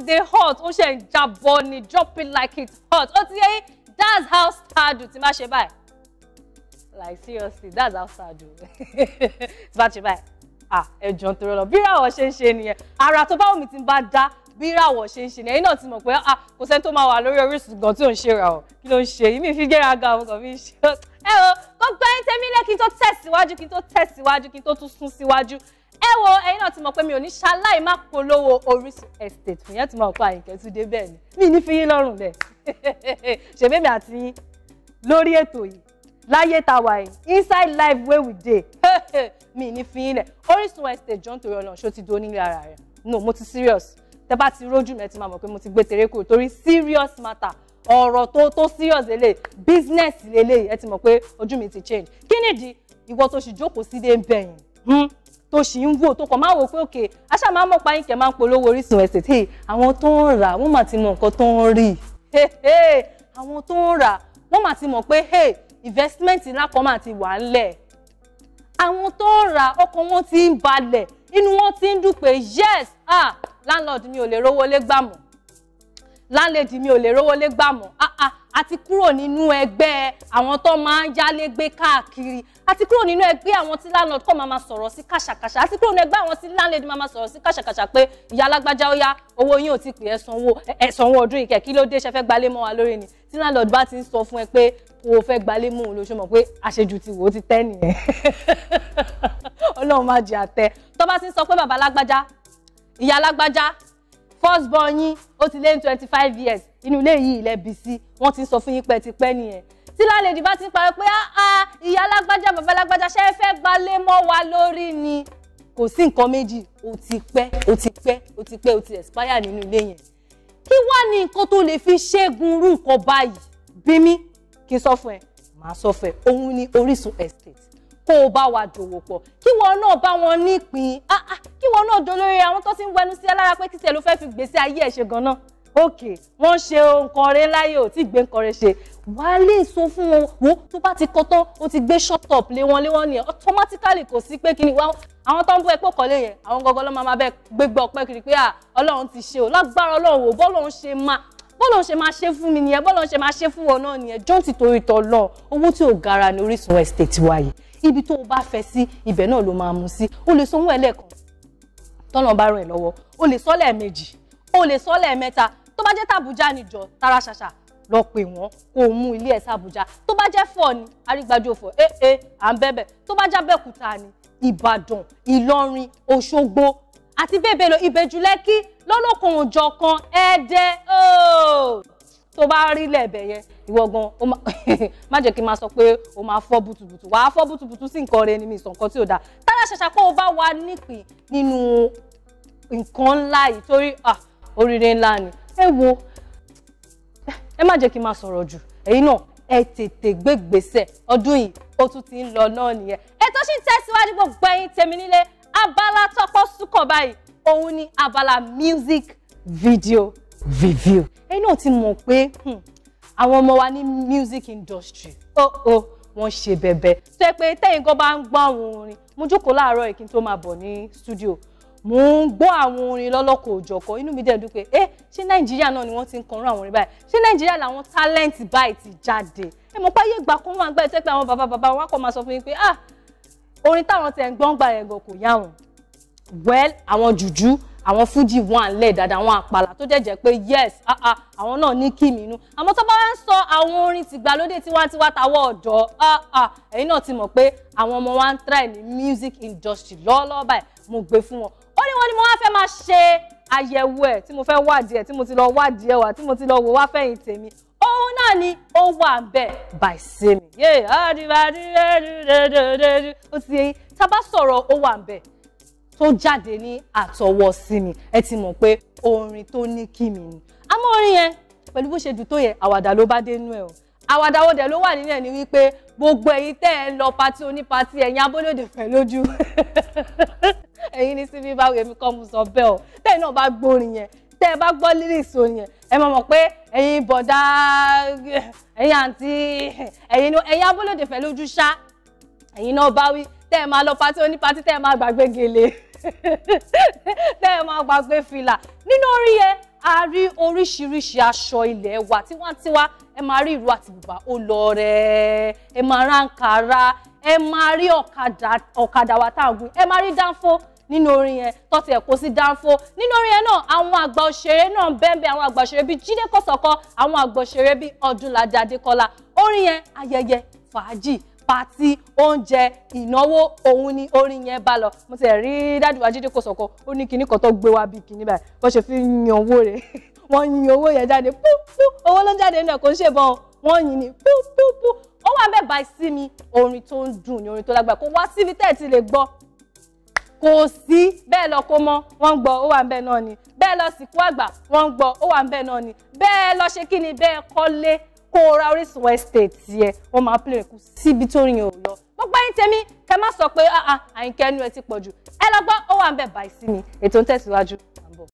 ti dé hot ó ṣe ń jábọ́ ni drop like it's hot ó ti yẹ that's how star do ti má ṣe báyìí like seriously that's how star do ti má ṣe báyìí ah ẹ̀jọ̀n torí ọlọ bíràwọ̀ ṣe ń ṣe nìyẹn ara tó bá omi ti bá dá bíràwọ̀ ṣe ń ṣe nìyẹn náà ti mọ̀ pé ah kò sẹ́ni tó máa wà lórí Orísun gan tí ò ń ṣe ra ọ̀ kí ló ń ṣe yìí mi fi gẹ́ra ga àwọn kan fi ń ṣe ẹ o gbogbo ẹ̀yin tẹ́mi lẹ́kí tó tẹ̀síwájú kí n tó tẹ̀síwájú kí n tó tún sún síwájú ẹ wo ẹ̀yin náà ti mọ̀ pé mi ò ní ṣaláì má polówó Orísun estate fún yẹn ti mọ̀ pé Àyìnkẹ́ Túndé bẹ́ẹ̀ ni mi ní fi yín lọ́rùn lẹ̀ ṣèbémi àti yín lórí ètò yìí láyé tá wà yìí inside life wey we dey mi ní fi yín lẹ̀ Orísun estate John nítorí ọ̀nà ṣó ti do onílé ara rẹ̀ no mo ti serious tẹ bá ti rójú mi ẹ ti máa mọ̀ pé mo ti gbé tèrè kúrò torí serious matter ọ̀rọ̀ tó tó serious lélẹ̀ business lélẹ̀ ẹ ti mọ̀ pé ojú mi ti change kí nìdí ìwọ tó sì jókòó sí dé ń bẹ̀yìn hmm? tó ṣì ń wò tó kàn máa wò pé òkè aṣá máa mọ̀ pa yín kẹ́ máa ń polówó Orísun ẹ̀sẹ̀ àwọn tó ń rà wọ́n mà ti mọ̀ nǹkan tó ń rí àwọn tó ń rà wọ́n mà ti mọ̀ pé hey investment ńlá kan mà ti wà ńlẹ̀ àwọn tó ń rà ọkàn wọn ti ń balẹ̀ inú wọn ti ń dùn pé yes ah landlord mi ò lè rówó lé gbàmọ̀ landlady mi ò lè rówó lé gbàmọ̀ ah ah a ti kúrò nínú ẹgbẹ́ àwọn tó máa ń yálé gbé káàkiri a ti kúrò nínú ẹgbẹ́ àwọn tí landlord kọ́ máa ma sọ̀rọ̀ sí kàṣàkàṣà a ti kúrò nínú ẹgbẹ́ àwọn tí landlord máa ma sọ̀rọ̀ sí kàṣàkàṣà pé ìyá alágbájá ó yá owó yín ò ti pè ẹ sanwó ọdún ìkẹ́ kí ló dé ṣe fẹ́ gbalé mọ́ wa lórí ni tí landlord bá ti ń sọ fún ẹ pé kò fẹ́ gbalé mọ́ òun lóṣù mọ̀ pé àṣejù ti wò ó ti tẹ́ nìyẹn ọlọ́run má jẹ́ àtẹ tó bá ti ń sọ pé bàbá alágbájá ìyá alágbájá first born yín ó ti lé ní twenty five years inú ilé yìí ilẹ̀ bí sí wọ́n ti ń sọ fún yín pẹ́tipẹ́ nìyẹn tí lálejò bá ti ń parí pé áá ìyá alágbájá bàbá alágbájá ṣe é fẹ́ gbalé mọ́ wa lórí ni kò sí nǹkan méjì ó ti pẹ́ ó ti pẹ́ ó ti pẹ́ ó ti expire nínú ilé yẹn kí wá ní nǹkan tó lè fi ṣẹ́gun irú nǹkan báyìí bí mi kí n sọ fún ẹ màá sọ fún ẹ òun ni Orísun estate kó o bá wa dòwò pọ̀ kí wọn náà bá wọn nípìn ah, ah, kí wọn náà dolórí àwọn tó ti ń wẹnu sí ẹ lára pé kí tiẹ̀ ló fẹ́ fi gbèsè ayé ẹ̀ ṣe gan-an òkè wọ́n ṣe nǹkan rẹ láyé ò tí gbé nǹkan rẹ ṣe wà á lè sọ fún wọn wo tó bá ti kọ́ tán o ti gbé short up lé wọn lé wọn nìyẹn automatically kò sí pé kíni àwọn tó ń bú ẹ pọ̀ kọ́lé yẹn àwọn gọgọ́ ló máa bẹ gbégbá ọpẹ́ kiri pé ọlọ́run ti ṣe o lágbára ọlọ́run ò bọ́ lòun ṣe máa bọ́lọ̀ ṣe máa ṣe fún mi nìyẹn bọ́lọ̀ ṣe máa ṣe fún wọn náà nìyẹn john ti torí tọ lọ owó tí ò gara ní Orísun estate wa yìí ibi tó o bá fẹ́ sí ibẹ̀ náà ló máa mú sí o lè sanwó ẹlẹ́ẹ̀kan tọ́nà bá ràn lọ́wọ́ o lè sọ lẹ́ẹ̀mejì o lè sọ lẹ́ẹ̀mẹ́ta tó bá jẹ́ tàbújá níjọ tara ṣàṣà lọ pè wọ́n kó o mú ilé ẹ̀ sàbújá tó bá jẹ́ fọ́ ni arígbájú òfò ee eh, eh, à ń bẹ́bẹ̀ tó bá jábẹ́kúta ni Ìbàdàn Ìlọrin Òṣogbo àti bẹ́ẹ̀ bẹ́ẹ̀ lọ ìbẹ̀jú lẹ́kí lọ́lọ́kan òjọ̀ kan ẹ̀ẹ́dẹ́ tó bá rí lẹ́ẹ̀bẹ̀ yẹn ìwọ gan má jẹ́ kí n máa sọ pé ó máa fọ́ bùtùbùtù wàá fọ́ bùtùbùtù sí nǹkan rẹ ni mi sọ nǹkan tí ò dáa tára ṣàṣà pé ó bá wa nípìn nínú nǹkan ńlá yìí torí oríire ńlá ni ẹ wo ẹ má jẹ́ kí n máa sọ̀rọ̀ jù ẹ̀yin náà ẹ tètè gbégbèsè ọdún yìí ó tún ti ń lọ náà nìyẹn ètò sì ń tẹ̀síwájú gbogbo ẹ̀yin tèmi nílé abala tọ́pọ̀ súnkàn báyìí òun ni abala music video review ẹ̀yin náà ti mọ̀ pé hmm, àwọn ọmọ wa ní music industry oh oh wọ́n ṣe bẹ̀bẹ̀ tó yẹ pé tẹ́yìn gan bá ń gbọ́ àwọn orin mo jókòó láàárọ̀ yìí kí n tó máa bọ̀ ní studio mo ń gbọ́ àwọn orin lọ́lọ́kọ̀ òjọ̀kọ̀ inú mi dẹ̀ dùn pé ẹ eh, ṣé nàìjíríà náà ni wọ́n ti ń kọrú àwọn orin báyìí ṣé nàìjíríà làwọn talent báyìí ti jáde ẹ mọ̀ pé ayé ìgbà kan wà ń gbà ẹ̀ tẹ́ pé àwọn bàbá bàbá wa kọ́ máa sọ fún yín pé ah orin táwọn tẹ̀ ń gbọ́n gbà yẹn gan kò yá wọn well àwọn jùjú àwọn fújì wọn à ń lẹ̀ dáadáa àwọn àpàlà tó jẹ́jẹ́ pé yes ah ah, àwọn náà ní kí mi inú àmọ́ tó bá wá ń sọ àwọn orin tìgbàlódé tiwantiwa táwọn ọ̀dọ́ ah, ah, ẹ̀yin náà ti mọ̀ pé àwọn ọmọ wa ń try ní music industry lọ́ọ́lọ́ọ́ báyìí mo gbé fún wọn ó ní wọn ni mo wá fẹ́ máa ṣe àyẹ̀wò ẹ̀ tí mo fẹ́ wádìí ẹ̀ tí mo ti lọ wádìí ẹ̀ wá tí mo ti lọ wò wá fẹ́yìn tèmi òun náà ni ó wà bẹ́ẹ̀ by Simi. ó ti yẹ tá a bá sọ̀rọ̀ ó wà bẹ́ẹ̀ tó jáde ní àtọwọ́ Simi ẹ ti mọ̀ pé orin tó ní kìmì ni àmọ́ orin yẹn pẹ̀lú bó ṣe dùn tó yẹ àwàdà ló bá dé nú ẹ̀ o àwàdàwọ̀dẹ̀ ló wà nílẹ̀ ni wípé gbogbo ẹ̀yin tẹ́ ẹ ń lọ pati onípati ẹ̀yin abólódè fẹ́ lójú ẹ̀yin ní Simi báwo èmi kọ́ mu sọ bẹ́ẹ̀ o tẹ́ẹ̀ náà bá gbórin yẹn tẹ́ ẹ bá gbọ́ lyrics orin yẹn ẹ mọ̀ mọ̀ pé ẹ̀yin bọ̀dá ẹ̀yin àǹtí ẹ̀yin ẹ̀yin abúlóde fẹ́ lójú ṣá ẹ̀yin náà bá wí tẹ́ ẹ máa lọ pátí oní pátí tẹ́ ẹ máa gbàgbé gèlè tẹ́ ẹ máa gbàgbé fìlà nínú orí yẹn a rí oríṣiríṣi aṣọ ilẹ̀ wa tiwantiwa ẹ máa rí ìró àti bùbá ó lọ rẹ̀ ẹ máa ránkàrà ẹ máa rí ọ̀kadà wa tá a ẹ máa rí dánfó nínú orin yẹn tó ti ẹ̀ kó sí dánfó nínú orin yẹn náà àwọn àgbà òṣèré náà bẹ́ẹ̀ àwọn àgbà òṣèré bíi Jídé Kòsọ́kọ́ àwọn àgbà òṣèré bíi Ọdúnladé Adékọlá orin yẹn ayẹyẹ fàájì pàtí oúnjẹ ìnáwó òun ni orin yẹn bá lọ mo ti rí dáàdùwà Jídé Kòsọ́kọ́ ó ní kinní kan tó gbé wá bíi kinní báyìí bó ṣe fi yan owó rẹ̀ wọ́n yan owó yẹn jáde púpú owó ló ń jáde nínú ẹ̀ kò ń ṣèbọn wọ́n yin ni púpú ó wà bẹ́ẹ̀ báyìí sí mi orin tó ń dùn ni orin tó lágbára kó wá síbi tẹ́ẹ̀ ti lè gbọ́ kò sí bẹ́ẹ̀ lọ kó mọ́ wọ́n ń gbọ́ ó wà ń bẹ́ẹ̀ náà ni bẹ́ẹ̀ lọ sìnkú àgbà wọ́n ń gbọ́ ó wà ń bẹ́ẹ̀ náà ni bẹ́ẹ̀ lọ ṣe kí ni bẹ́ẹ̀ kọ́lé kó ra Orísun estate yẹ wọ́n máa play kù síbi tó rìn ò lọ gbogbo ẹ̀yin tèmi kẹ́ má sọ pé ah, ah, àyìnkẹ́ ẹnu ẹ ti pọ̀ jù ẹ lọ gbọ́ ó wà ń bẹ́ẹ̀ báyìí sí ni ètò ń tẹ̀síwájú